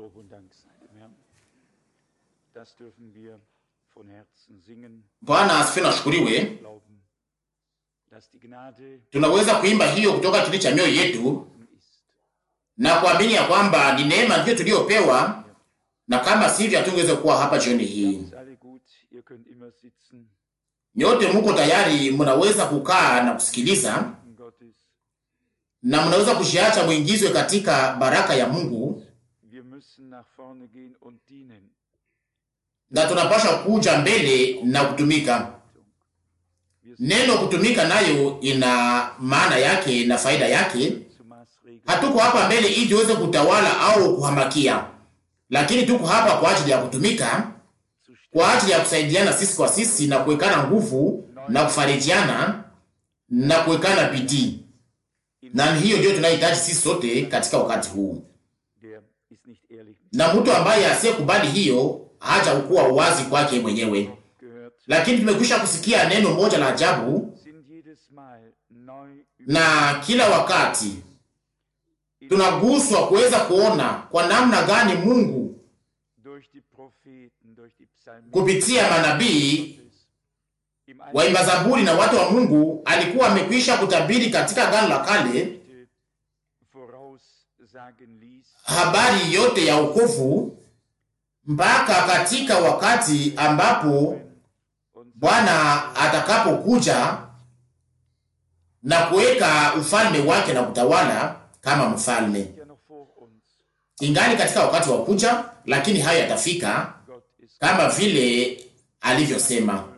Lob und Dank sein. Ja. Das dürfen wir von Herzen singen. Bwana asifiwe na shukuriwe. Tunaweza kuimba hiyo kutoka kilindi cha mioyo yetu na kuamini ya kwamba ni neema ndiyo tuliyopewa, na kama sivyo hatungeweza kuwa hapa jioni hii. Nyote muko tayari, mnaweza kukaa na kusikiliza, na mnaweza kushiacha mwingizwe katika baraka ya Mungu na tunapasha kuja mbele na kutumika. Neno kutumika nayo ina maana yake na faida yake. Hatuko hapa mbele ili tuweze kutawala au kuhamakia, lakini tuko hapa kwa ajili ya kutumika, kwa ajili ya kusaidiana sisi kwa sisi na kuwekana nguvu na kufarijiana na kuwekana bidii, na hiyo ndio tunahitaji sisi sote katika wakati huu na mtu ambaye asiyekubali hiyo kuwa uwazi kwake mwenyewe. Lakini tumekwisha kusikia neno moja la ajabu, na kila wakati tunaguswa kuweza kuona kwa namna gani Mungu kupitia manabii waimba zaburi na watu wa Mungu alikuwa amekwisha kutabiri katika gano la Kale habari yote ya ukovu mpaka katika wakati ambapo Bwana atakapokuja na kuweka ufalme wake na kutawala kama mfalme. Ingali katika wakati wa kuja, lakini hayo yatafika kama vile alivyosema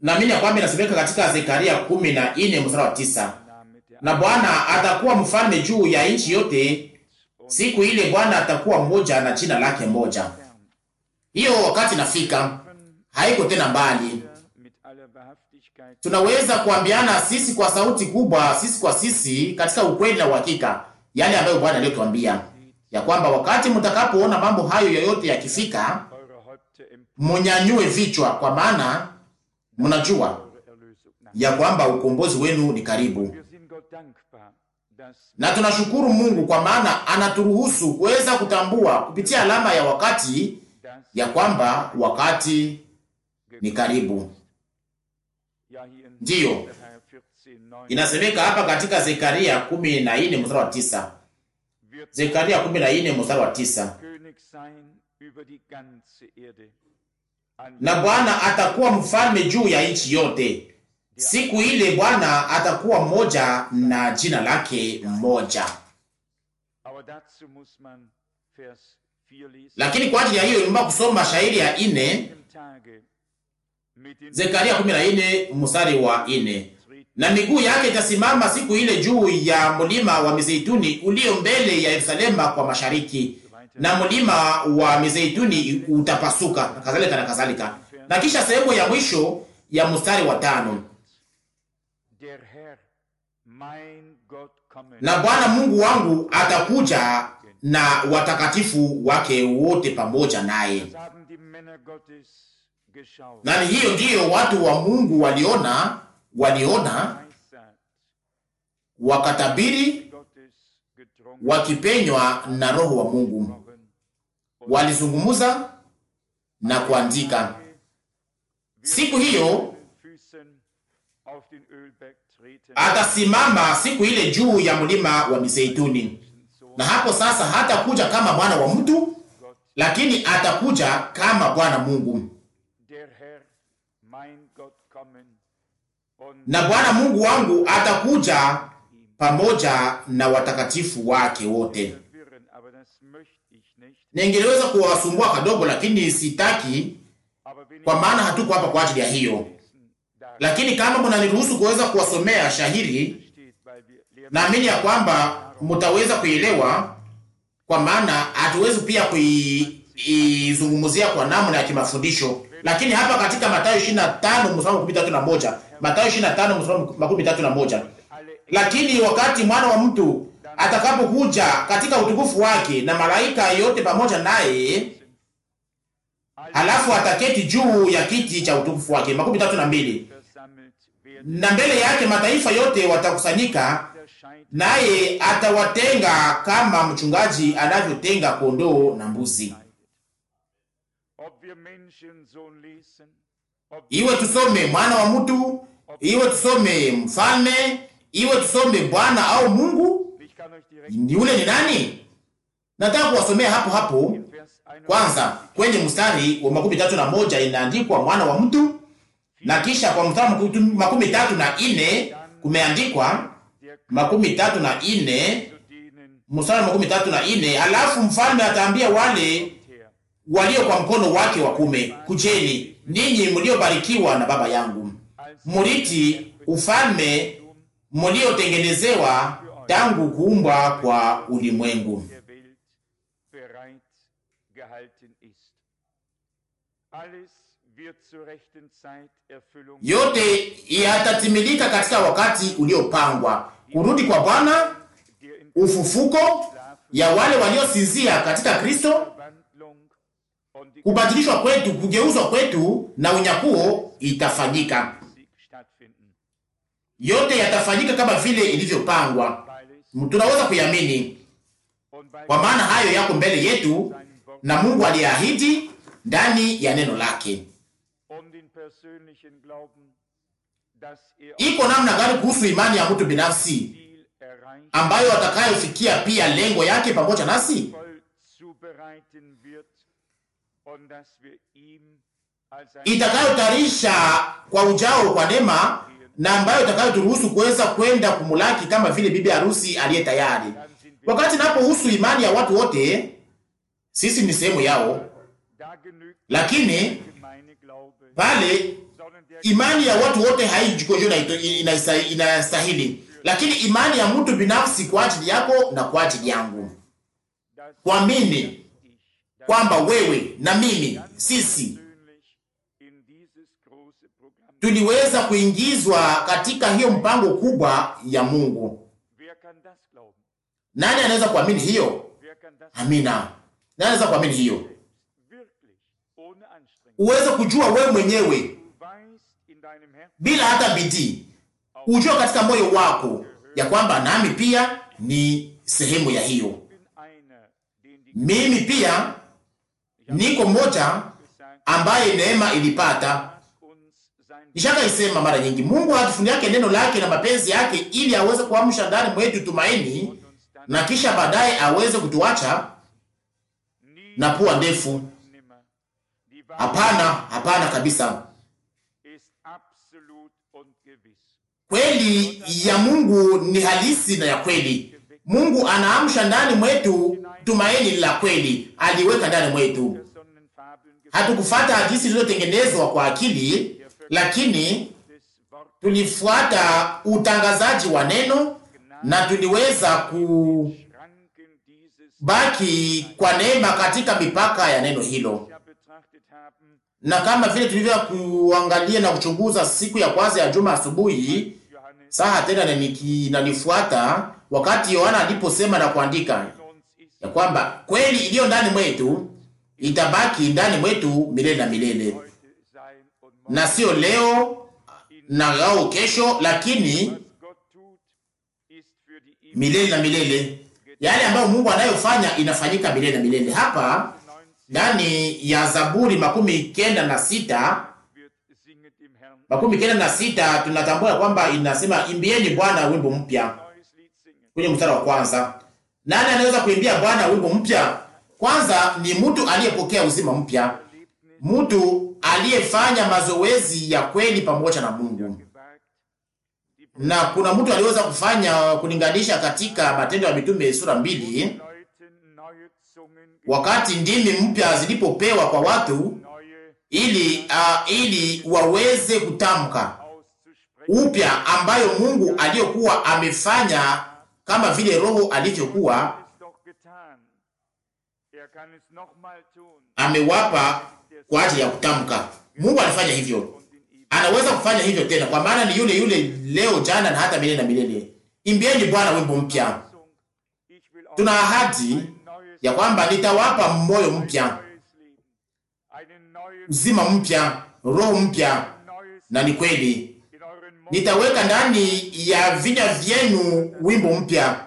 Naamini ya kwamba inasemeka katika Zekaria kumi na nne mstari wa tisa na Bwana atakuwa mfalme juu ya nchi yote, siku ile Bwana atakuwa mmoja na jina lake moja. Hiyo wakati nafika, haiko tena mbali. Tunaweza kuambiana sisi kwa sauti kubwa, sisi kwa sisi, katika ukweli na uhakika yale ambayo Bwana aliyotuambia ya kwamba wakati mtakapoona mambo hayo yoyote yakifika, munyanyue vichwa, kwa maana mnajua ya kwamba ukombozi wenu ni karibu, na tunashukuru Mungu kwa maana anaturuhusu kuweza kutambua kupitia alama ya wakati ya kwamba wakati ni karibu. Ndiyo inasemeka hapa katika Zekaria kumi mstari wa Zekaria kumi mstari wa na Bwana atakuwa mfalme juu ya nchi yote. Siku ile Bwana atakuwa mmoja na jina lake mmoja. Lakini kwa ajili ya hiyo nimba kusoma shairi ya ine, Zekaria kumi na ine mstari wa ine na miguu yake itasimama siku ile juu ya mlima wa mizeituni ulio mbele ya Yerusalema kwa mashariki na mlima wa mizeituni utapasuka, na kadhalika na kadhalika. Na kisha sehemu ya mwisho ya mstari wa tano, na Bwana Mungu wangu atakuja na watakatifu wake wote pamoja naye. Na hiyo ndiyo watu wa Mungu waliona, waliona wakatabiri, wakipenywa na Roho wa Mungu walizungumza na kuandika. Siku hiyo atasimama siku ile juu ya mlima wa Mizeituni, na hapo sasa hatakuja kama mwana wa mtu, lakini atakuja kama Bwana Mungu. Na Bwana Mungu wangu atakuja pamoja na watakatifu wake wote ningeweza kuwasumbua kadogo, lakini sitaki, kwa maana hatuko hapa kwa ajili ya hiyo. Lakini kama mnaniruhusu kuweza kuwasomea shahiri, naamini ya kwamba mtaweza kuielewa, kwa maana hatuwezi pia kuizungumzia kwa namna ya kimafundisho. Lakini hapa katika Mathayo 25 mstari wa 13 na moja Mathayo 25 mstari wa 13 na moja lakini wakati mwana wa mtu atakapokuja katika utukufu wake na malaika yote pamoja naye, halafu ataketi juu ya kiti cha utukufu wake. makumi tatu na mbili na mbele yake mataifa yote watakusanyika, naye atawatenga kama mchungaji anavyotenga kondoo na mbuzi. Iwe tusome mwana wa mtu, iwe tusome mfalme, iwe tusome Bwana au Mungu yule ni nani? Nataka kuwasomea hapo hapo kwanza kwenye mstari wa makumi tatu na moja inaandikwa mwana wa mtu, na kisha kwa mstari makumi tatu na ine kumeandikwa makumi tatu na ine mstari makumi tatu na ine alafu mfalme ataambia wale walio kwa mkono wake wa kume, kujeni ninyi mliobarikiwa na Baba yangu, muriti ufalme mliotengenezewa tangu kuumbwa kwa ulimwengu. Yote yatatimilika katika wakati uliopangwa: kurudi kwa Bwana, ufufuko ya wale waliosinzia katika Kristo, kubadilishwa kwetu, kugeuzwa kwetu na unyakuo itafanyika. Yote yatafanyika kama vile ilivyopangwa tunaweza kuiamini, kwa maana hayo yako mbele yetu, na Mungu aliahidi ndani ya neno lake. Um Iko namna gani kuhusu imani ya mtu binafsi ambayo atakayofikia pia lengo yake pamoja nasi? itakayotarisha kwa ujao kwa neema na ambayo itakayoturuhusu kuweza kwenda kumulaki kama vile bibi harusi aliye tayari. Wakati napohusu imani ya watu wote, sisi ni sehemu yao, lakini pale imani ya watu wote haijikonjona inastahili, lakini imani ya mtu binafsi kwa ajili yako na kwa ajili yangu, kuamini kwamba wewe na mimi sisi tuliweza kuingizwa katika hiyo mpango kubwa ya Mungu. Nani anaweza kuamini hiyo? Amina. Nani anaweza kuamini hiyo? Uweze kujua wewe mwenyewe bila hata bidii, ujue katika moyo wako ya kwamba nami pia ni sehemu ya hiyo. Mimi pia niko mmoja ambaye neema ilipata isema mara nyingi, Mungu hatufundiake neno lake na mapenzi yake ili aweze kuamsha ndani mwetu tumaini na kisha baadaye aweze kutuacha na pua ndefu. Hapana, hapana kabisa. Kweli ya Mungu ni halisi na ya kweli. Mungu anaamsha ndani mwetu tumaini la kweli, aliweka ndani mwetu. Hatukufata jinsi zilizotengenezwa kwa akili lakini tulifuata utangazaji wa neno na tuliweza kubaki kwa neema katika mipaka ya neno hilo. Na kama vile tulivyo kuangalia na kuchunguza siku ya kwanza ya juma asubuhi, saa tena nanifuata, wakati Yohana aliposema na kuandika ya kwamba kweli iliyo ndani mwetu itabaki ndani mwetu milele na milele na sio leo na gao kesho, lakini milele na milele. Yale ambayo Mungu anayofanya inafanyika milele na milele. Hapa ndani ya Zaburi makumi kenda na sita makumi kenda na sita tunatambua kwamba inasema imbieni Bwana wimbo mpya kwenye mstari wa kwanza. Nani anaweza kuimbia Bwana wimbo mpya? Kwanza ni mtu aliyepokea uzima mpya, mtu aliyefanya mazoezi ya kweli pamoja na Mungu, na kuna mtu aliweza kufanya kulinganisha katika Matendo ya Mitume sura mbili, wakati ndimi mpya zilipopewa kwa watu ili, uh, ili waweze kutamka upya ambayo Mungu aliyokuwa amefanya kama vile Roho alivyokuwa amewapa kwa ajili ya kutamka. Mungu alifanya hivyo, anaweza kufanya hivyo tena, kwa maana ni yule yule leo, jana na hata milele na milele. Imbieni Bwana wimbo mpya. Tuna ahadi ya kwamba nitawapa moyo mpya, uzima mpya, roho mpya, na ni kweli nitaweka ndani ya vinywa vyenu wimbo mpya.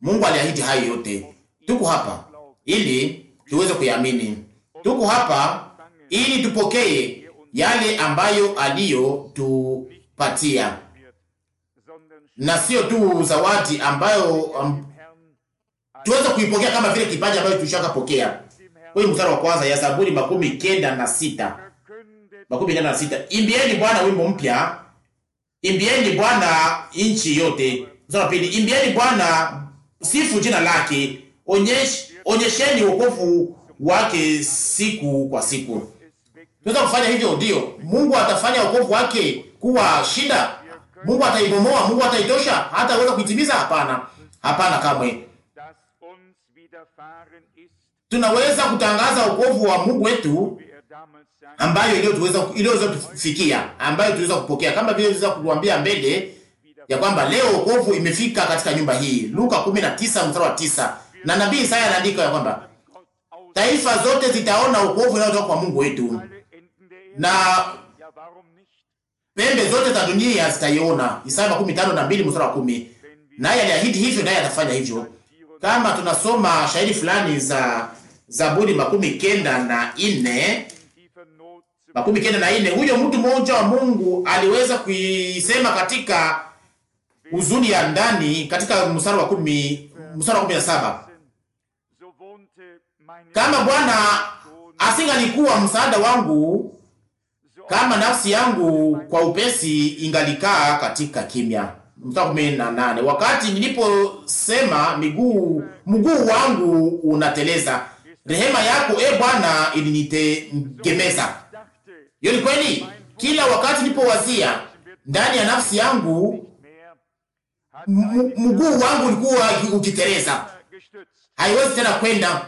Mungu aliahidi hayo yote. Tuko hapa ili tuweze kuyaamini. Tuko hapa ili tupokee yale ambayo aliyotupatia, na sio tu zawadi ambayo um, tuweze kuipokea kama vile kipaji ambayo Kwa hiyo mstari wa kwanza ya Zaburi makumi kenda na sita makumi kenda na sita imbieni Bwana wimbo mpya, imbieni Bwana nchi yote. Mstari wa pili imbieni Bwana sifu jina lake, onyesheni wokovu wake siku kwa siku. Tunaweza kufanya hivyo, ndio. Mungu atafanya wokovu wake kuwa shida? Mungu ataibomoa? Mungu ataitosha? hata hataweza kuitimiza? Hapana, hapana, kamwe. Tunaweza kutangaza wokovu wa Mungu wetu ambayo iliyoweza kufikia, ambayo tuliweza kupokea, kama vile tuliweza kuambia mbele ya kwamba leo wokovu imefika katika nyumba hii, Luka 19 mstari wa 9, na nabii Isaya anaandika ya kwamba taifa zote zitaona ukovu unaotoka kwa Mungu wetu na pembe zote za dunia zitaiona. Isaya makumi tano na mbili mstari wa kumi. Naye aliahidi hivyo, naye atafanya hivyo. Kama tunasoma shahidi fulani za Zaburi makumi kenda na ine makumi kenda na ine huyo mtu mmoja wa Mungu aliweza kuisema katika huzuni ya ndani, katika mstari wa kumi mstari wa kumi na saba kama Bwana asingalikuwa msaada wangu, kama nafsi yangu kwa upesi ingalikaa katika kimya. Mstari kumi nane, wakati niliposema miguu mguu wangu unateleza, rehema yako e Bwana ilinitegemeza. Hiyo ni kweli. Kila wakati nilipowazia ndani ya nafsi yangu, mguu wangu ulikuwa ukiteleza, haiwezi tena kwenda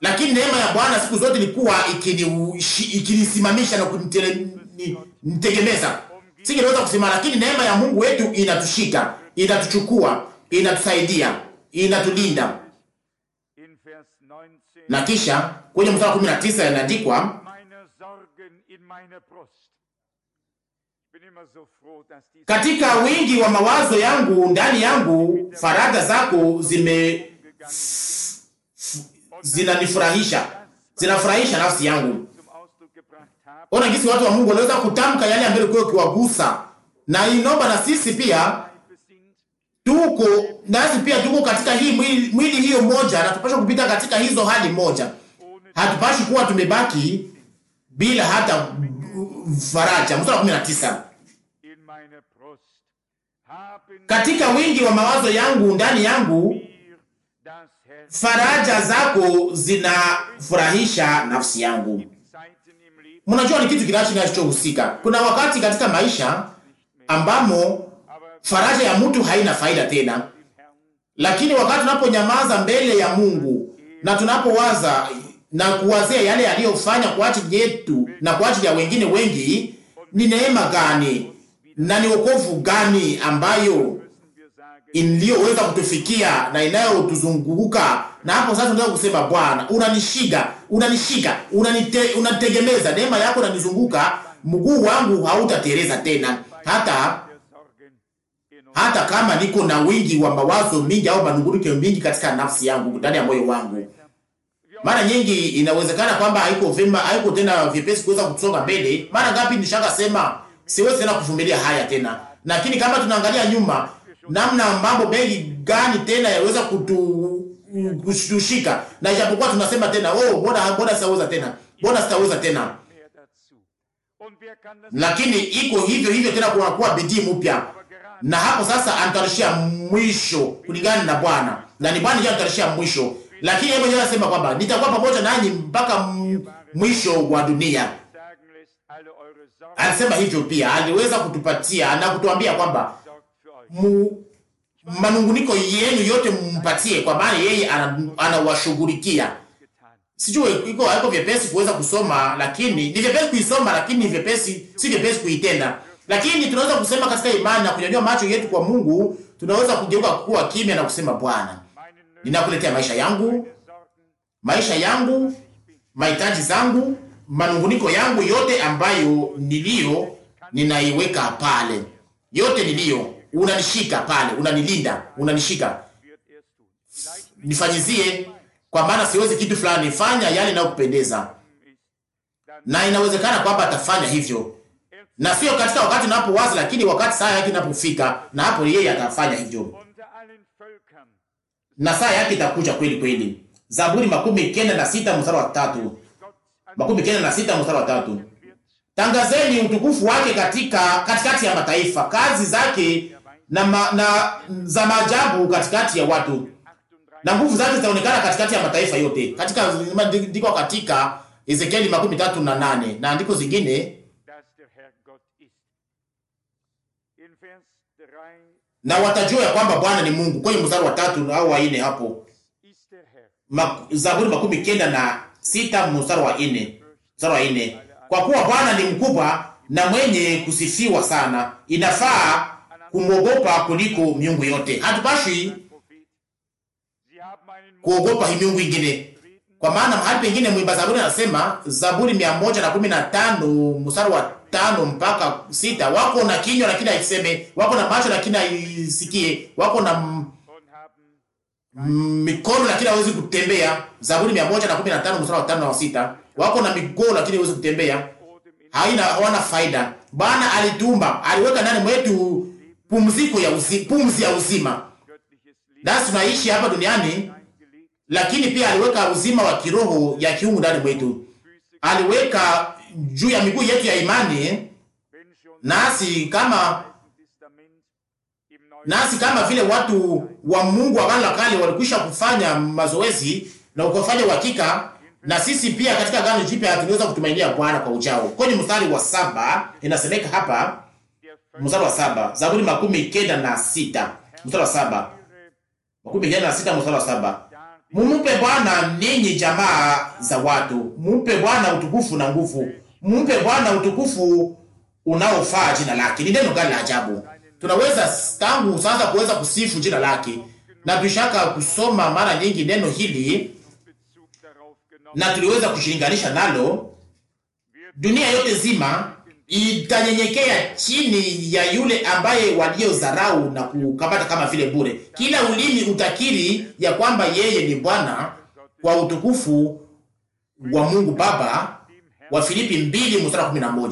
lakini neema ya Bwana siku zote ilikuwa ikinisimamisha na kunitegemeza. Singeweza kusimama, lakini neema ya Mungu wetu inatushika, inatuchukua, inatusaidia, inatulinda. Na kisha kwenye mstari wa 19 inaandikwa katika wingi wa mawazo yangu ndani yangu, faraja zako zime zinanifurahisha, zinafurahisha nafsi yangu. Ona jinsi watu wa Mungu wanaweza kutamka yale ambayo kwa kiwagusa, na inomba na sisi pia tuko nasi pia tuko katika hii mwili, mwili hiyo moja, na tupashwa kupita katika hizo hali moja. Hatupashi kuwa tumebaki bila hata faraja. Mstari wa 19 katika wingi wa mawazo yangu ndani yangu faraja zako zinafurahisha nafsi yangu. Mnajua ni kitu kinachohusika. Kuna wakati katika maisha ambamo faraja ya mtu haina faida tena, lakini wakati tunaponyamaza mbele ya Mungu na tunapowaza na kuwazia yale aliyofanya kwa ajili yetu na kwa ajili ya wengine wengi, ni neema gani na ni wokovu gani ambayo iliyoweza kutufikia na inayotuzunguka. Na hapo sasa tunataka kusema Bwana, unanishiga, unanishika, unanite, unategemeza neema yako inanizunguka, mguu wangu hautatereza tena, hata hata kama niko na wingi wa mawazo mingi au manunguniko mingi katika nafsi yangu, ndani ya moyo wangu. Mara nyingi inawezekana kwamba haiko vema, haiko tena vipesi kuweza kusonga mbele. Mara ngapi nishaka sema siwezi tena kuvumilia haya tena, lakini kama tunaangalia nyuma namna ambapo mengi gani tena yaweza kutushika, na ijapokuwa tunasema tena oh, mbona mbona sitaweza tena, mbona sitaweza tena, lakini iko hivyo hivyo tena, kunakuwa bidii mpya, na hapo sasa anatarishia mwisho kulingana na Bwana, na ni Bwana ndiye anatarishia mwisho. Lakini hebu anasema kwamba nitakuwa pamoja nanyi mpaka mwisho wa dunia. Alisema hivyo pia, aliweza kutupatia na kutuambia kwamba mu manunguniko yenu yote mumpatie, kwa maana yeye anawashughulikia. Sijui iko haiko vyepesi kuweza kusoma, lakini ni vyepesi kuisoma, lakini ni vyepesi, si vyepesi kuitenda. Lakini tunaweza kusema katika imani na kunyanyua macho yetu kwa Mungu, tunaweza kugeuka kuwa kimya na kusema, Bwana, ninakuletea maisha yangu, maisha yangu, mahitaji zangu, manunguniko yangu yote ambayo niliyo, ninaiweka pale, yote niliyo unanishika pale, unanilinda, unanishika. Nifanyizie, kwa maana siwezi kitu fulani, fanya yale inayokupendeza. Na inawezekana kwamba atafanya hivyo, na sio katika wakati wazi lakini wakati saa yake inapofika, na hapo yeye atafanya hivyo, na saa yake itakuja kweli kweli. Zaburi makumi kenda na sita mstari wa tatu makumi kenda na sita mstari wa tatu Tangazeni utukufu wake katika katikati ya mataifa, kazi zake na, ma, na za maajabu katikati ya watu na nguvu zake zitaonekana katikati ya mataifa yote. Katika ndiko katika Ezekieli makumi tatu na nane na andiko zingine, na watajua ya kwamba Bwana ni Mungu, kwenye mstari wa tatu au wa nne hapo. Zaburi makumi kenda na sita mstari wa nne mstari wa nne kwa kuwa Bwana ni mkubwa na mwenye kusifiwa sana, inafaa kumwogopa kuliko miungu yote. Hatupashi kuogopa hii miungu ingine, kwa maana mahali pengine mwimba Zaburi anasema, Zaburi mia moja na kumi na tano mstari wa tano mpaka sita wako na kinywa lakini haiseme, wako na macho lakini haisikie, wako na mikono lakini hawezi kutembea. Zaburi mia moja na kumi na tano mstari wa tano na sita wako na miguu lakini hawezi kutembea, haina wana faida. Bwana alituumba, aliweka ndani mwetu pumziko ya uzima, pumzi ya uzima. Nasi tunaishi hapa duniani, lakini pia aliweka uzima wa kiroho ya kiungu ndani mwetu, aliweka juu ya miguu yetu ya imani, nasi kama nasi kama vile watu wa Mungu wa Agano la Kale walikwisha kufanya mazoezi na ukafanya uhakika, na sisi pia katika Agano Jipya tunaweza kutumainia Bwana kwa ujao. Kwenye mstari wa saba inasemeka hapa mstari wa saba Zaburi makumi kenda na sita mstari wa saba makumi kenda na sita mstari wa saba Mumupe Bwana ninyi jamaa za watu, mumpe Bwana utukufu na nguvu, mumpe Bwana utukufu unaofaa jina lake. Ni neno gani la ajabu! Tunaweza tangu sasa kuweza kusifu jina lake, na tushaka kusoma mara nyingi neno hili na tuliweza kushilinganisha nalo dunia yote zima itanyenyekea chini ya yule ambaye waliozarau na kukamata kama vile bure. Kila ulimi utakiri ya kwamba yeye ni Bwana kwa utukufu wa Mungu Baba, wa Filipi 2 mstari wa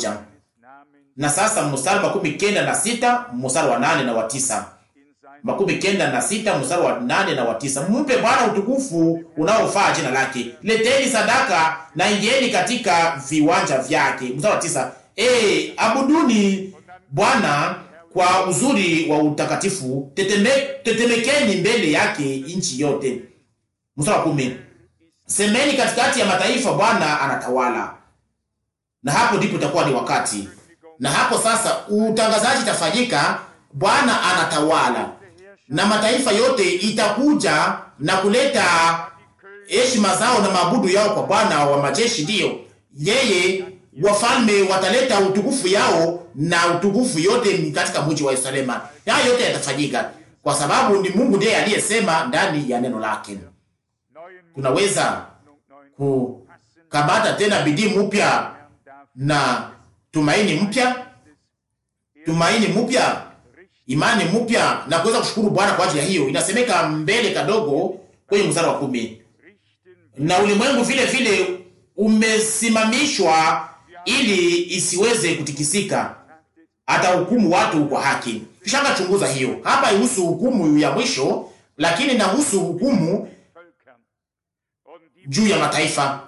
na sasa mstari wa 19 na 6 mstari wa 8 na wa tisa makumi kenda na sita mstari wa nane na wa tisa Mumpe Bwana utukufu unaofaa jina lake, leteni sadaka na ingieni katika viwanja vyake. Mstari wa tisa Hey, abuduni Bwana kwa uzuri wa utakatifu, teteme, tetemekeni mbele yake nchi yote. Mstari wa kumi, semeni katikati ya mataifa, Bwana anatawala. Na hapo ndipo itakuwa ni wakati, na hapo sasa utangazaji itafanyika, Bwana anatawala, na mataifa yote itakuja na kuleta heshima zao na maabudu yao kwa Bwana wa majeshi, ndiyo yeye wafalme wataleta utukufu yao na utukufu yote katika mji wa Yerusalema. Haya yote yatafanyika kwa sababu ni Mungu ndiye aliyesema ndani ya neno lake. Tunaweza kukabata tena bidii mpya na tumaini mpya, tumaini mpya, imani mpya na kuweza kushukuru Bwana kwa ajili ya hiyo. Inasemeka mbele kadogo kwenye mstari wa kumi, na ulimwengu vile vile umesimamishwa ili isiweze kutikisika, atahukumu watu kwa haki. chunguza hiyo hapa, ihusu hukumu ya mwisho, lakini nahusu hukumu juu ya mataifa.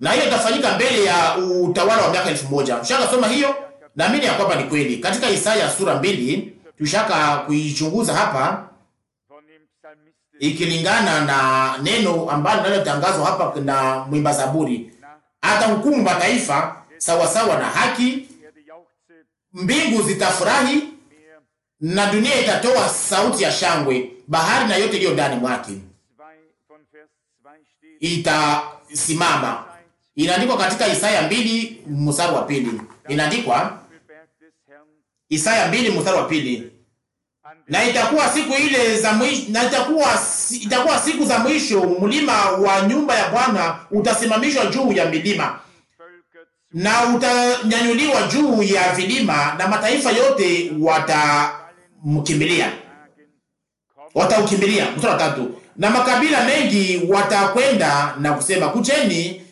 Na hiyo itafanyika mbele ya utawala wa miaka elfu moja. soma hiyo, naamini ya kwamba ni kweli katika Isaya sura mbili, tushaka kuichunguza hapa ikilingana na neno ambalo linalotangazwa hapa na mwimba Zaburi, atahukumu mataifa sawasawa na haki, mbingu zitafurahi na dunia itatoa sauti ya shangwe, bahari na yote iliyo ndani mwake itasimama. Inaandikwa katika Isaya mbili mstari wa pili, inaandikwa Isaya mbili mstari wa pili na itakuwa siku ile za mwisho, na itakuwa itakuwa siku za mwisho, mlima wa nyumba ya Bwana utasimamishwa juu ya milima na utanyanyuliwa juu ya vilima, na mataifa yote watamkimbilia, wataukimbilia. Mstari wa tatu, na makabila mengi watakwenda na kusema, kucheni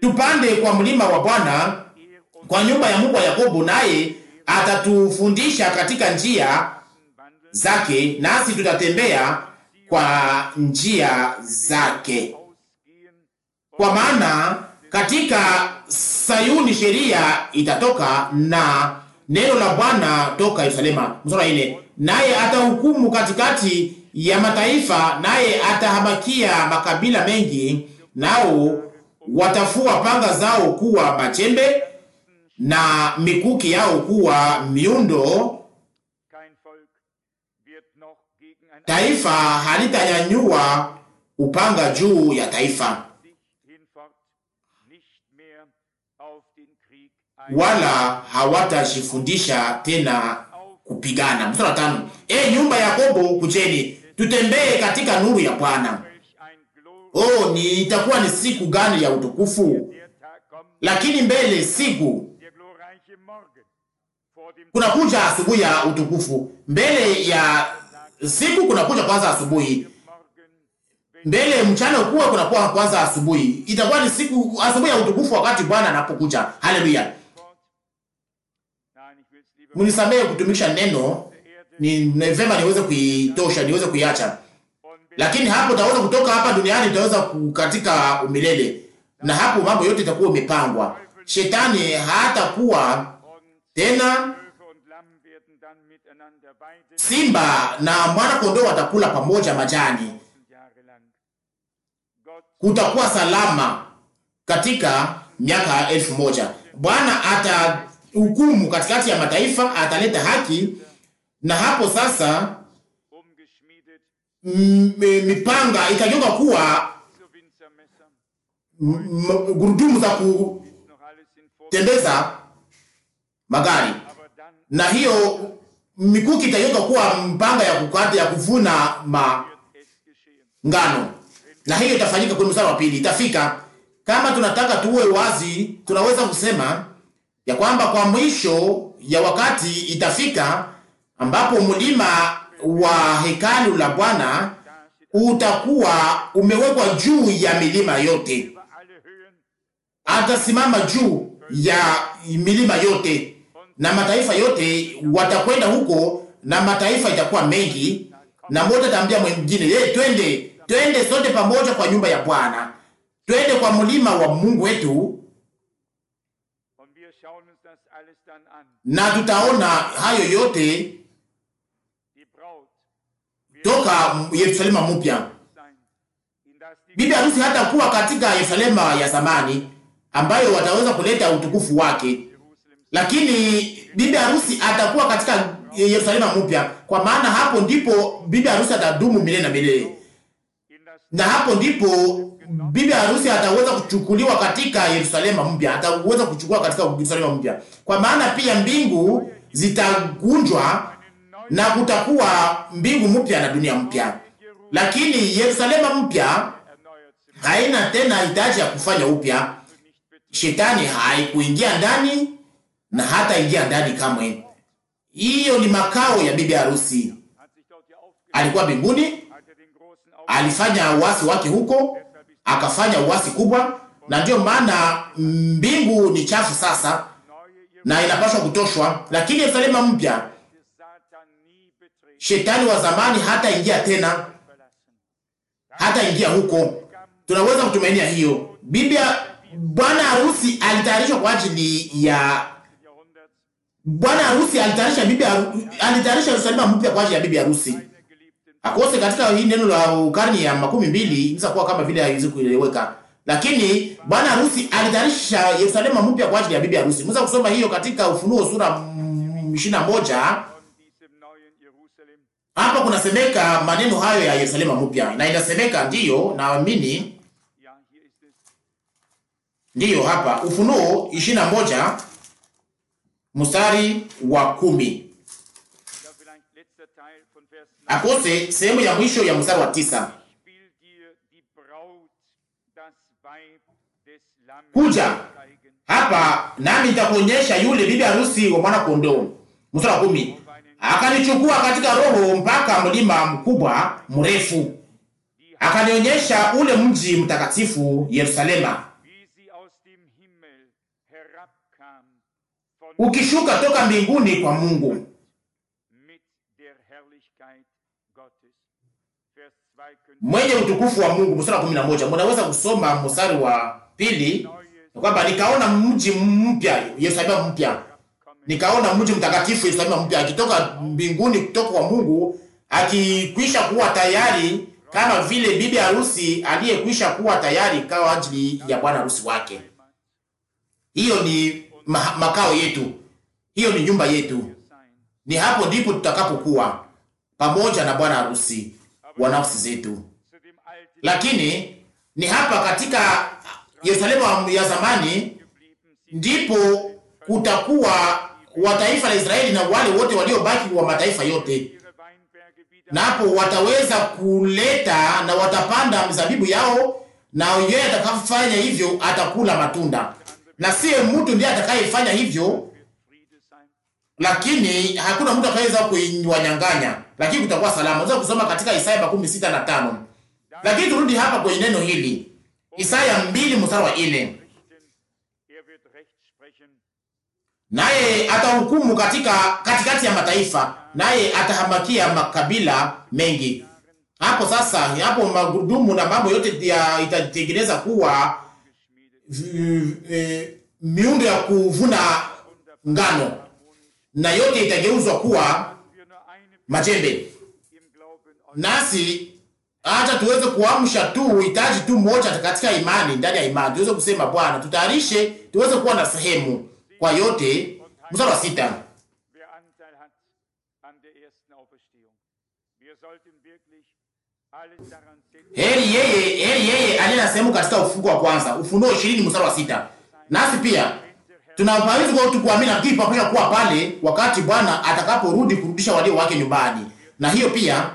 tupande kwa mlima wa Bwana, kwa nyumba ya Mungu wa Yakobo, naye atatufundisha katika njia zake, nasi tutatembea kwa njia zake. Kwa maana katika Sayuni sheria itatoka na neno la Bwana toka Yerusalema. Mstari ine, naye atahukumu katikati ya mataifa, naye atahabakia makabila mengi, nao watafua panga zao kuwa majembe na mikuki yao kuwa miundo Taifa halitanyanyua upanga juu ya taifa, wala hawatajifundisha tena kupigana. Mstari wa tano: E nyumba ya Yakobo, kujeni tutembee katika nuru ya Bwana. Oh, ni itakuwa ni siku gani ya utukufu! Lakini mbele siku kunakuja asubuhi ya utukufu, mbele ya siku kunakuja kwanza asubuhi, mbele mchana ukuwe kunakuwa kwanza asubuhi. Itakuwa ni siku asubuhi ya utukufu wakati Bwana anapokuja. Haleluya! Mnisamehe kutumikisha neno ni vema, niweze kuitosha, niweze kuiacha, lakini hapo taweza kutoka hapa duniani, taweza katika umilele, na hapo mambo yote itakuwa umepangwa. Shetani hatakuwa tena Simba na kondoo watakula pamoja majani, kutakuwa salama katika miaka elfu moja. Bwana atahukumu katikati ya mataifa, ataleta haki, na hapo sasa mm, mipanga itageuka kuwa gurudumu za kutembeza magari, na hiyo mikuki itageuka kuwa mpanga ya kukata ya kuvuna mangano, na hiyo itafanyika kwenye mstari wa pili. Itafika kama tunataka tuwe wazi, tunaweza kusema ya kwamba kwa mwisho ya wakati itafika ambapo mlima wa hekalu la Bwana utakuwa umewekwa juu ya milima yote, atasimama juu ya milima yote na mataifa yote watakwenda huko, na mataifa itakuwa mengi, na mmoja atamwambia mwingine, hey, twende twende sote pamoja kwa nyumba ya Bwana, twende kwa mlima wa Mungu wetu, na tutaona hayo yote toka Yerusalema mpya. Bibi harusi hata kuwa katika Yerusalema ya zamani ambayo wataweza kuleta utukufu wake lakini bibi harusi atakuwa katika Yerusalema mpya, kwa maana hapo ndipo bibi harusi atadumu milele na milele, na hapo ndipo bibi harusi ataweza kuchukuliwa katika Yerusalemu mpya, ataweza kuchukua katika Yerusalemu mpya, kwa maana pia mbingu zitagunjwa na kutakuwa mbingu mpya na dunia mpya. Lakini Yerusalemu mpya haina tena hitaji ya kufanya upya. Shetani haikuingia ndani na hata ingia ndani kamwe. Hiyo ni makao ya bibi harusi. Alikuwa mbinguni, alifanya uasi wake huko, akafanya uasi kubwa, na ndiyo maana mbingu ni chafu sasa na inapaswa kutoshwa, lakini Yerusalemu mpya, shetani wa zamani hata ingia tena, hata ingia huko. Tunaweza kutumainia hiyo. Bibi Bwana harusi alitayarishwa kwa ajili ya Bwana harusi alitayarisha bibi alitayarisha Yerusalemu mpya kwa ajili ya bibi harusi. Akose katika hii neno la karne ya makumi mbili inaweza kuwa kama vile haiwezi kueleweka. Lakini bwana harusi alitayarisha Yerusalemu mpya kwa ajili ya bibi harusi. Mweza kusoma hiyo katika Ufunuo sura 21. Mm, hapa kunasemeka maneno hayo ya Yerusalemu mpya na inasemeka ndiyo, naamini ndiyo hapa Ufunuo 21 mstari wa kumi akose sehemu ya mwisho ya mstari wa tisa kuja hapa nami nitakuonyesha yule bibi harusi wa mwana kondoo. Mstari wa kumi akanichukua katika roho mpaka mlima mkubwa mrefu, akanionyesha ule mji mtakatifu Yerusalema ukishuka toka mbinguni kwa Mungu mwenye utukufu wa Mungu. Mstari wa kumi na moja munaweza kusoma mstari wa pili kwamba nikaona mji mpya Yerusalemu mpya, nikaona mji mtakatifu Yerusalemu mpya akitoka mbinguni kutoka kwa Mungu, akikwisha kuwa tayari kama vile bibi harusi aliyekwisha kuwa tayari kwa ajili ya bwana harusi wake. Hiyo ni makao yetu, hiyo ni nyumba yetu. Ni hapo ndipo tutakapokuwa pamoja na bwana harusi wa nafsi zetu. Lakini ni hapa katika Yerusalemu ya zamani ndipo kutakuwa wa taifa la Israeli na wale wote waliobaki wa mataifa yote, na hapo wataweza kuleta na watapanda mzabibu yao, na yeye atakafanya hivyo atakula matunda na siye mtu ndiye atakayefanya hivyo, lakini hakuna mtu atakayeweza kuiwanyang'anya, lakini kutakuwa salama. Unaweza kusoma katika Isaya makumi sita na tano. Lakini turudi hapa kwenye neno hili, Isaya mbili mstari wa nne naye atahukumu katika katikati ya mataifa, naye atahamakia makabila mengi. Hapo sasa, hapo magurudumu na mambo yote itatengeneza kuwa E, miundo ya kuvuna ngano na yote itageuzwa kuwa majembe, nasi hata tuweze kuamsha tu uhitaji tu moja katika imani, ndani ya imani tuweze kusema Bwana, tutayarishe tuweze kuwa na sehemu kwa yote. Mstari wa sita Heri yeye, heri yeye aliye na sehemu katika ufungu wa kwanza, Ufunuo 20 mstari wa sita. Nasi pia tunaweza kwa utu kuamini na kipa pia kuwa pale wakati Bwana atakaporudi kurudisha walio wake nyumbani, na hiyo pia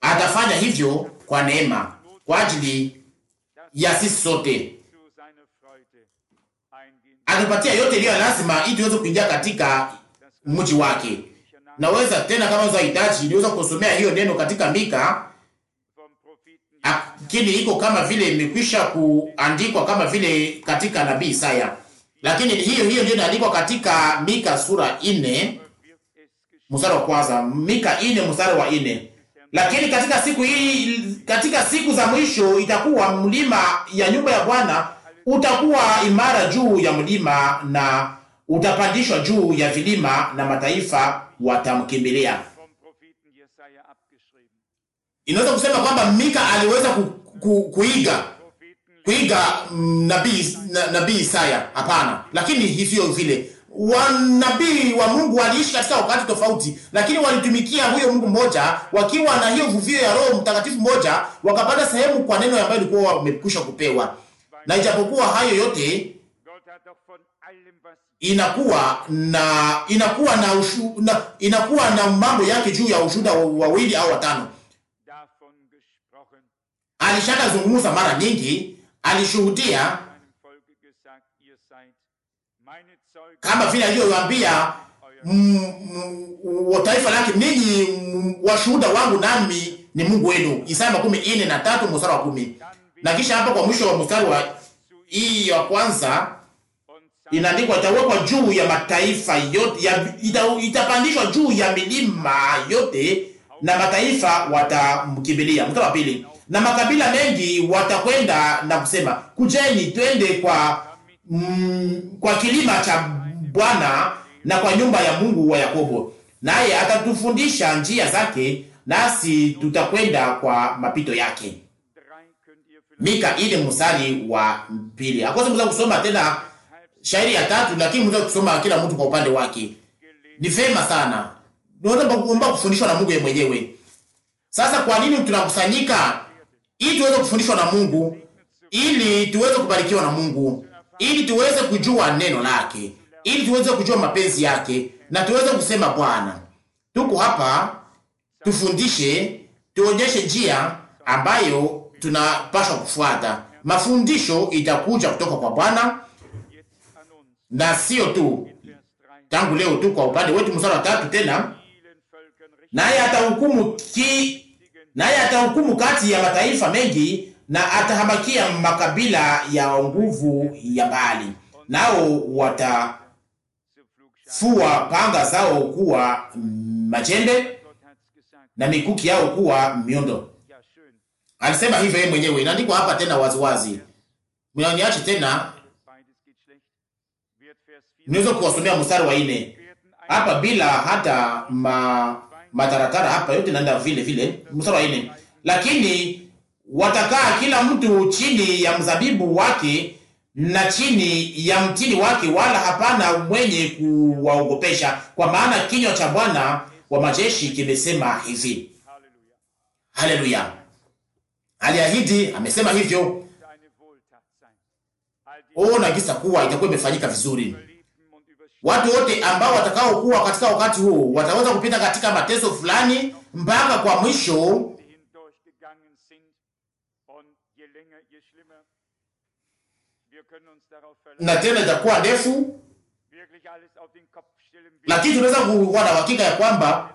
atafanya hivyo kwa neema, kwa ajili ya sisi sote, atupatia yote iliyo lazima ili tuweze kuingia katika mji wake. Naweza tena kama unahitaji, niweza kusomea hiyo neno katika Mika lakini iko kama vile imekwisha kuandikwa kama vile katika nabii Isaya, lakini hiyo hiyo ndio inaandikwa katika Mika sura ine mstari wa kwanza, Mika ine mstari wa ine. Lakini katika siku hii, katika siku za mwisho itakuwa mlima ya nyumba ya Bwana utakuwa imara juu ya mlima na utapandishwa juu ya vilima na mataifa watamkimbilia. Inaweza kusema kwamba Mika aliweza ku, kuiga kuiga nabii nabii Isaya, hapana. Lakini hivyo vile wanabii wa Mungu waliishi katika wakati tofauti, lakini walitumikia huyo Mungu mmoja, wakiwa na hiyo vuvio ya Roho Mtakatifu mmoja, wakapata sehemu kwa neno ambayo ilikuwa wamekwisha kupewa. Na ijapokuwa hayo yote inakuwa na inakuwa na, ushu, na, inakuwa na mambo yake juu ya ushuhuda wawili au watano alishakazungumza mara nyingi, alishuhudia kama vile aliyowaambia wa taifa lake, ninyi washuhuda wangu nami ni Mungu wenu, Isaya makumi ine na tatu mstari wa kumi. Na kisha hapa kwa mwisho wa mstari wa hii ya kwanza inaandikwa, itawekwa juu ya mataifa yote ya, ita, itapandishwa juu ya milima yote na mataifa watamkimbilia. Mstari wa pili na makabila mengi watakwenda na kusema kujeni, twende kwa mm, kwa kilima cha Bwana na kwa nyumba ya Mungu wa Yakobo, naye atatufundisha njia zake, nasi tutakwenda kwa mapito yake. Mika ile mstari wa pili. Hakosi mza kusoma tena shairi ya tatu, lakini mza kusoma kila mtu kwa upande wake. Ni vema sana, naomba kufundishwa na Mungu yeye mwenyewe. Sasa kwa nini tunakusanyika ili tuweze kufundishwa na Mungu, ili tuweze kubarikiwa na Mungu, ili tuweze kujua neno lake, ili tuweze kujua mapenzi yake, na tuweze kusema Bwana, tuko hapa, tufundishe, tuonyeshe njia ambayo tunapaswa kufuata. Mafundisho itakuja kutoka kwa Bwana na sio tu tangu leo tu kwa upande wetu. Mstari wa tatu tena, naye atahukumu ki naye atahukumu kati ya mataifa mengi na atahamakia makabila ya nguvu ya Baali, nao watafua panga zao kuwa majembe na mikuki yao kuwa miundo. Alisema hivyo yeye mwenyewe, inaandikwa hapa tena waziwazi. Mnaoniache tena, niweze kuwasomea mstari wa nne hapa bila hata ma mataratara hapa, yote naenda vile vile. Mstari wa nne, lakini watakaa kila mtu chini ya mzabibu wake na chini ya mtini wake, wala hapana mwenye kuwaogopesha, kwa maana kinywa cha Bwana wa majeshi kimesema hivi. Haleluya! Aliahidi, amesema hivyo. Ona gisa kuwa itakuwa imefanyika vizuri. Watu wote ambao watakaokuwa katika wakati huu wataweza kupita katika mateso fulani mpaka kwa mwisho, na tena itakuwa ndefu, lakini tunaweza kuwa na uhakika ya kwamba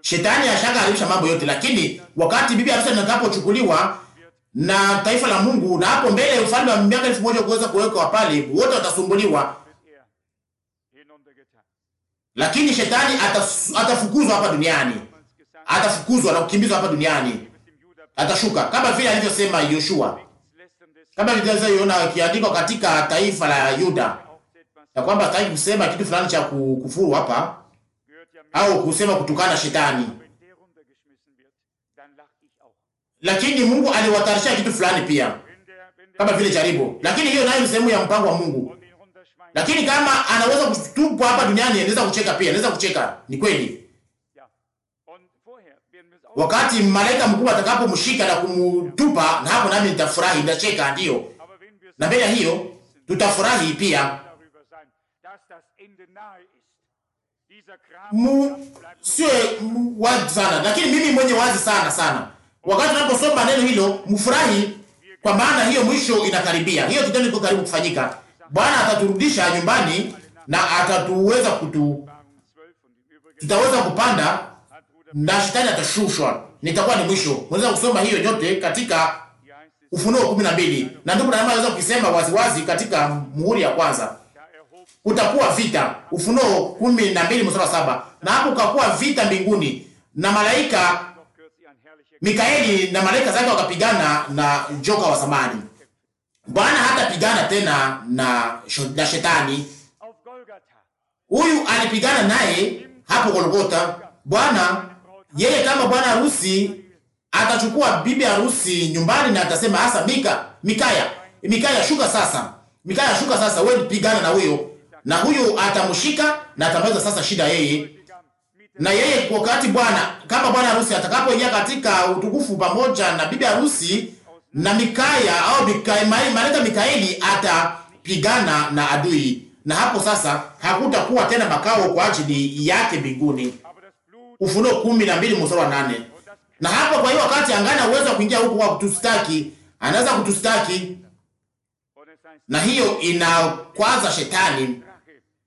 shetani ashakaharibisha mambo yote, lakini wakati bibi harusi atakapochukuliwa na taifa la Mungu na hapo mbele ufalme wa miaka elfu moja kuweza kuwekwa pale, wote watasumbuliwa lakini shetani atafukuzwa hapa duniani, atafukuzwa na kukimbizwa hapa duniani, atashuka kama vile alivyosema Yoshua, kama ilivyoona kiandikwa katika taifa la Yuda, na kwamba hataki kusema kitu fulani cha kufuru hapa au kusema kutukana shetani, lakini Mungu aliwatarishia kitu fulani pia kama vile jaribu, lakini hiyo nayo ni sehemu ya mpango wa Mungu lakini kama anaweza kutupwa hapa duniani, anaweza kucheka pia, anaweza kucheka. Ni kweli, wakati malaika mkubwa atakapomshika na kumtupa, na hapo nami nitafurahi, nitacheka, ndio. na mbele ya hiyo tutafurahi pia. Sio wazi sana, lakini mimi mwenye wazi sana sana, wakati unaposoma neno hilo, mfurahi, kwa maana hiyo mwisho inakaribia. Hiyo kitendo iko karibu kufanyika. Bwana ataturudisha nyumbani na atatuweza kutu, tutaweza kupanda na shetani atashushwa. Nitakuwa ni mwisho. Mweza kusoma hiyo nyote katika Ufunuo kumi na mbili na ndugu Branham anaweza kusema waziwazi katika muhuri ya kwanza kutakuwa vita, Ufunuo kumi na mbili mstari saba na hapo kakuwa vita mbinguni na malaika Mikaeli na malaika zake wakapigana na joka wa samani. Bwana hatapigana tena na, na shetani. Huyu alipigana naye hapo Golgota. Bwana yeye kama bwana harusi atachukua bibi harusi nyumbani na atasema hasa Mika, Mikaya, Mikaya shuka sasa. Mikaya shuka sasa, wewe pigana na huyo. Na huyo atamshika na atamweza sasa shida yeye. Na yeye wakati bwana kama bwana harusi atakapoingia katika utukufu pamoja na bibi harusi na Mikaya au malaika Mikaeli atapigana na adui, na hapo sasa hakutakuwa tena makao kwa ajili yake mbinguni. Ufunuo kumi na mbili mstari wa nane. Na hapo kwa hiyo wakati angana uwezo kuingia huko kwa kutustaki anaweza kutustaki na hiyo inakwaza shetani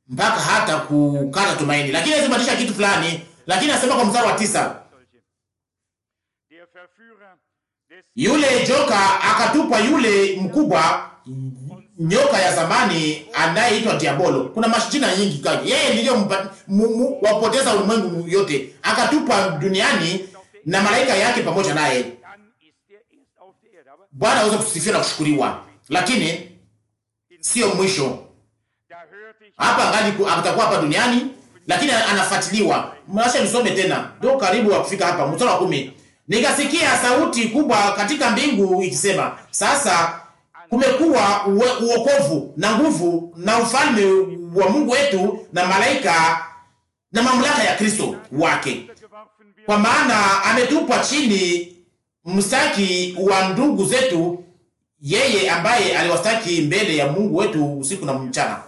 mpaka hata kukata tumaini, lakini lazima kitu fulani, lakini anasema kwa mstari wa tisa Yule joka akatupwa, yule mkubwa nyoka ya zamani anayeitwa Diabolo. Kuna mashina nyingi kake yeye ndiyo wapoteza ulimwengu yote, akatupwa duniani na malaika yake pamoja naye. Bwana aweze kusifiwa na kushukuriwa. Lakini sio mwisho hapa, ngali atakuwa hapa duniani, lakini anafuatiliwa. Mnaacha nisome tena, ndio karibu wa kufika hapa, mstari wa kumi Nikasikia sauti kubwa katika mbingu ikisema, sasa kumekuwa uokovu na nguvu na ufalme wa Mungu wetu na malaika na mamlaka ya Kristo wake, kwa maana ametupwa chini mstaki wa ndugu zetu, yeye ambaye aliwastaki mbele ya Mungu wetu usiku na mchana.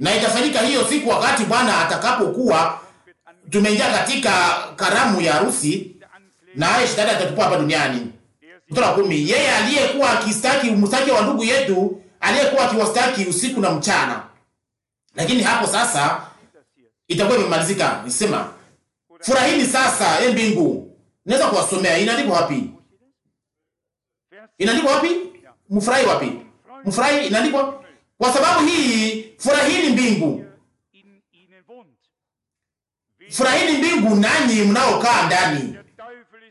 Na itafanyika hiyo siku wakati Bwana atakapokuwa tumeingia katika karamu ya harusi naye shetani atatupa hapa duniani. Mstari wa kumi, yeye aliyekuwa akistaki mstaki wa ndugu yetu aliyekuwa akiwastaki usiku na mchana. Lakini hapo sasa itakuwa imemalizika. Nisema furahini sasa, e mbingu. Naweza kuwasomea, inaandikwa wapi? Inaandikwa wapi? Mfurahi wapi? Mfurahi inaandikwa kwa sababu hii, furahini mbingu, furahini mbingu, nanyi mnaokaa ndani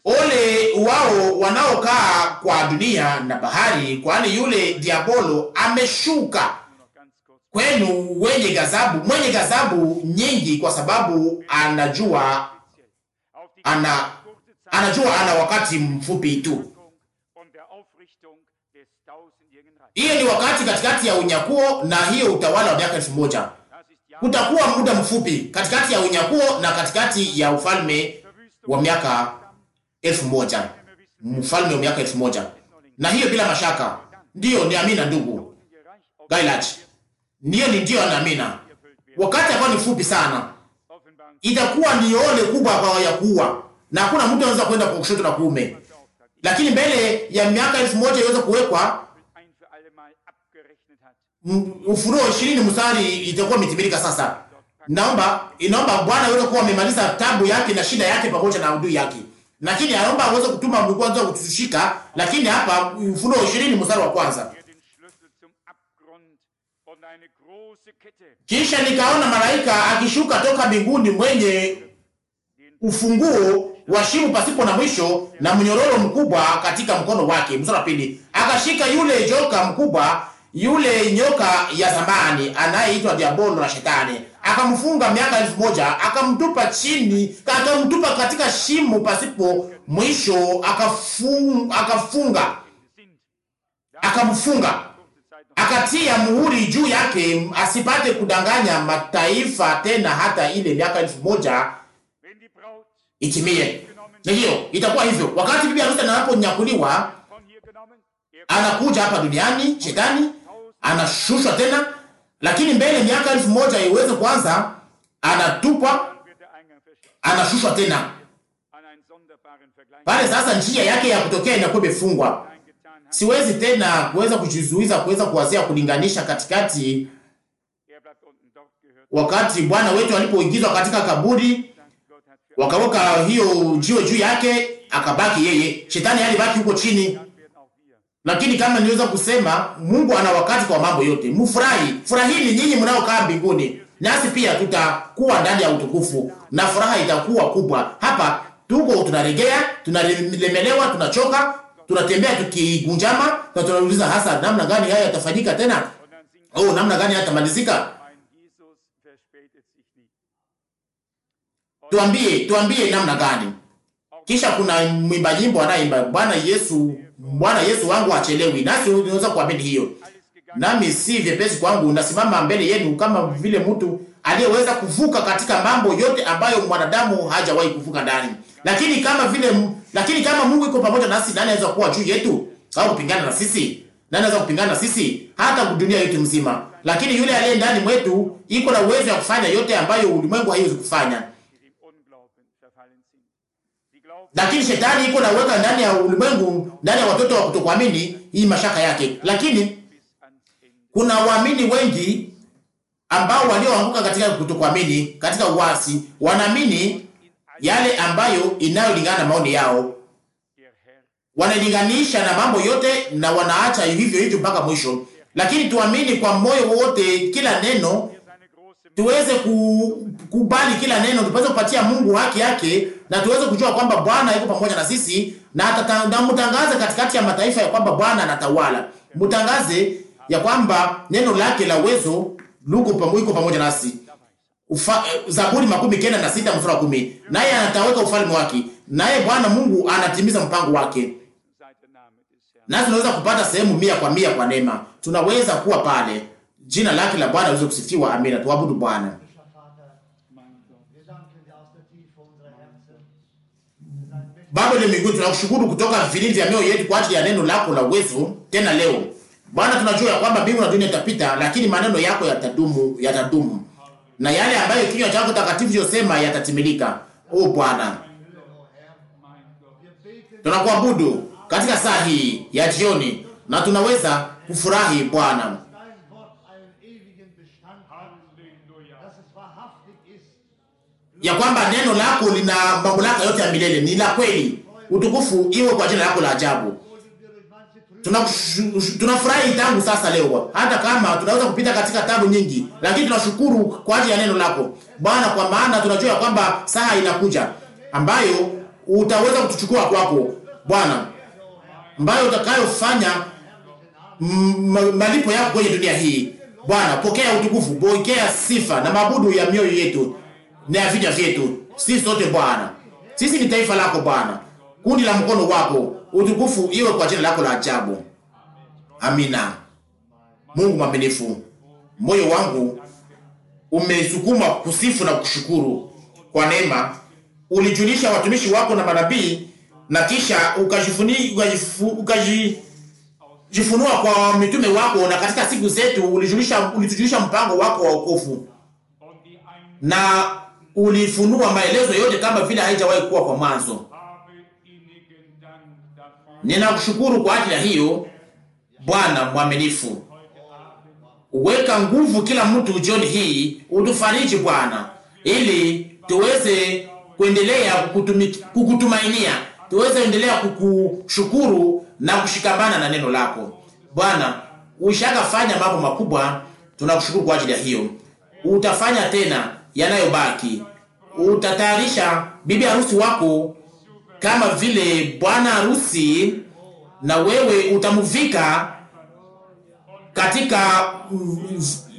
Ole wao wanaokaa kwa dunia na bahari, kwani yule diabolo ameshuka kwenu wenye gazabu, mwenye gazabu nyingi, kwa sababu anajua ana, anajua ana wakati mfupi tu. Hiyo ni wakati katikati ya unyakuo na hiyo utawala wa miaka elfu moja kutakuwa muda mfupi katikati ya unyakuo na katikati ya ufalme wa miaka elfu moja mfalme wa miaka elfu moja na hiyo bila mashaka ndiyo ni amina. Ndugu Gailaj, niyo ni ndiyo na amina. Wakati ambao ni fupi sana, itakuwa ni ole kubwa kwa yakuwa na hakuna mtu anaweza kwenda kwa kushoto na kuume, lakini mbele ya miaka elfu moja iweza kuwekwa Ufunuo ishirini mstari itakuwa imetimilika sasa. Naomba inaomba Bwana yule kuwa amemaliza tabu yake na shida yake pamoja na adui yake lakini anaomba aweze kutuma Mungu kwanza kutushika. Lakini hapa Ufunuo ishirini mstari wa kwanza kisha nikaona malaika akishuka toka mbinguni mwenye ufunguo wa shimo pasipo na mwisho na mnyororo mkubwa katika mkono wake. Mstari wa pili, akashika yule joka mkubwa, yule nyoka ya zamani anayeitwa Diabolo na Shetani, akamfunga miaka elfu moja akamtupa chini, akamtupa katika shimo pasipo mwisho, akafunga akamfunga akatia muhuri juu yake, asipate kudanganya mataifa tena, hata ile miaka elfu moja itimie. Na hiyo itakuwa hivyo, wakati bibi harusi anaponyakuliwa, anakuja hapa duniani, shetani anashushwa tena lakini mbele miaka elfu moja iweze kwanza anatupwa anashushwa tena pale. Sasa njia yake ya kutokea inakuwa imefungwa. Siwezi tena kuweza kujizuiza kuweza kuwazia kulinganisha katikati, wakati Bwana wetu alipoingizwa katika kaburi, wakaweka hiyo jiwe juu yake, akabaki yeye. Shetani alibaki huko chini lakini kama niweza kusema Mungu ana wakati kwa mambo yote. Mfurahi, furahini nyinyi mnaokaa mbinguni. Nasi pia tutakuwa ndani ya utukufu na furaha itakuwa kubwa. Hapa tuko tunaregea, tunalemelewa, tunachoka, tunatembea tukigunjama na tunauliza hasa namna gani haya yatafanyika tena? Oh, namna gani haya yatamalizika? Tuambie, tuambie namna gani? Kisha kuna mwimba nyimbo anayeimba Bwana Yesu Bwana Yesu wangu achelewi, nasi unaweza kuamini hiyo. Nami si vyepesi kwangu, nasimama mbele yenu kama vile mtu aliyeweza kuvuka katika mambo yote ambayo mwanadamu hajawahi kuvuka ndani, lakini kama vile lakini kama Mungu iko pamoja nasi, nani anaweza kuwa juu yetu au kupingana na sisi? Nani anaweza kupingana na sisi? Hata dunia yote mzima. Lakini yule aliye ndani mwetu iko na uwezo wa kufanya yote ambayo ulimwengu haiwezi kufanya lakini shetani iko uweka ndani ya ulimwengu, ndani ya watoto wa kutokuamini hii mashaka yake. Lakini kuna waamini wengi ambao walioanguka katika kutokuamini, katika uasi, wanaamini yale ambayo inayolingana na maoni yao, wanailinganisha na mambo yote na wanaacha hivyo hivyo mpaka mwisho. Lakini tuamini kwa moyo wote kila neno tuweze kukubali kila neno, tuweze kupatia Mungu haki yake, na tuweze kujua kwamba Bwana yuko pamoja na sisi, na atatangaza katikati ya mataifa ya kwamba Bwana anatawala. Mtangaze ya kwamba neno lake la uwezo luko pamoja pamoja nasi. Ufa, eh, Zaburi makumi kenda na sita mstari wa kumi. Naye anataweka ufalme wake, naye Bwana Mungu anatimiza mpango wake. na tunaweza kupata sehemu mia kwa mia kwa neema, tunaweza kuwa pale Jina lake la Bwana liweze kusifiwa. Amina, tuabudu Bwana. Baba ni mbinguni, tunakushukuru kutoka vilindi vya mioyo yetu kwa ajili ya neno lako la uwezo tena leo. Bwana, tunajua ya kwamba mbingu na dunia itapita, lakini maneno yako yatadumu, yatadumu. Na yale ambayo kinywa chako takatifu yosema yatatimilika. O Bwana, tunakuabudu katika saa hii ya jioni na tunaweza kufurahi Bwana. ya kwamba neno lako lina mamlaka yote ya milele, ni la kweli. Utukufu iwe kwa jina lako la ajabu. Tunafurahi tuna tangu sasa leo, hata kama tunaweza kupita katika tabu nyingi, lakini tunashukuru kwa ajili ya neno lako Bwana, kwa maana tunajua kwamba saa inakuja ambayo utaweza kutuchukua kwako Bwana, ambayo utakayofanya malipo yako kwenye dunia hii. Bwana, pokea utukufu, pokea sifa na mabudu ya mioyo yetu na ya vita vyetu. Sisi sote Bwana, sisi ni taifa lako Bwana, kundi la mkono wako. Utukufu iwe kwa jina lako la ajabu. Amina. Mungu mwaminifu, moyo wangu umesukuma kusifu na kushukuru kwa neema. Ulijulisha watumishi wako na manabii, na kisha ukajifunua kwa mitume wako, na katika siku zetu ulitujulisha mpango wako wa wokovu na ulifunua maelezo yote kama vile haijawahi kuwa kwa mwanzo. Ninakushukuru kwa ajili ya hiyo Bwana mwaminifu. Weka nguvu kila mtu jioni hii, utufariji Bwana, ili tuweze kuendelea kukutumainia, tuweze endelea kukushukuru na kushikamana na neno lako Bwana. Ushakafanya mambo makubwa, tunakushukuru kwa ajili ya hiyo. Utafanya tena yanayobaki utatayarisha bibi harusi wako kama vile bwana harusi, na wewe utamuvika katika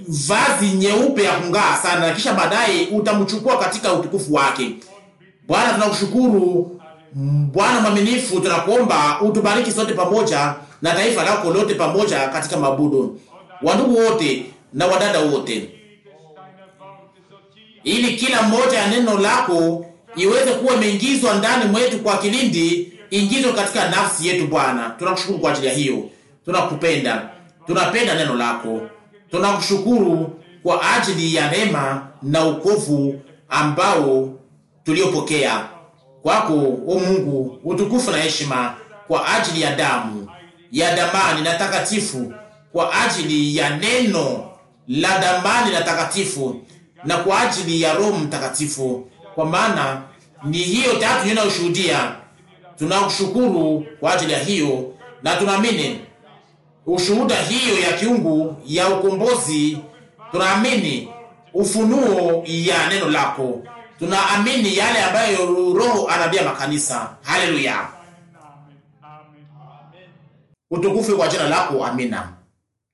vazi nyeupe ya kung'aa sana, na kisha baadaye utamchukua katika utukufu wake. Bwana, tunakushukuru Bwana mwaminifu, tunakuomba utubariki sote pamoja na taifa lako lote pamoja katika mabudu, wandugu wote na wadada wote ili kila mmoja ya neno lako iweze kuwa imeingizwa ndani mwetu kwa kilindi, ingizwe katika nafsi yetu. Bwana, tunakushukuru kwa ajili ya hiyo, tunakupenda, tunapenda neno lako, tunakushukuru kwa ajili ya neema na ukovu ambao tuliopokea kwako. O Mungu, utukufu na heshima kwa ajili ya damu ya damani na takatifu, kwa ajili ya neno la damani na takatifu na kwa ajili ya Roho Mtakatifu, kwa maana ni hiyo tatu inayoshuhudia. Tunakushukuru kwa ajili ya hiyo, na tunaamini ushuhuda hiyo ya kiungu ya ukombozi, tunaamini ufunuo ya neno lako, tunaamini yale ambayo Roho anaambia makanisa. Haleluya, utukufu kwa jina lako, amina.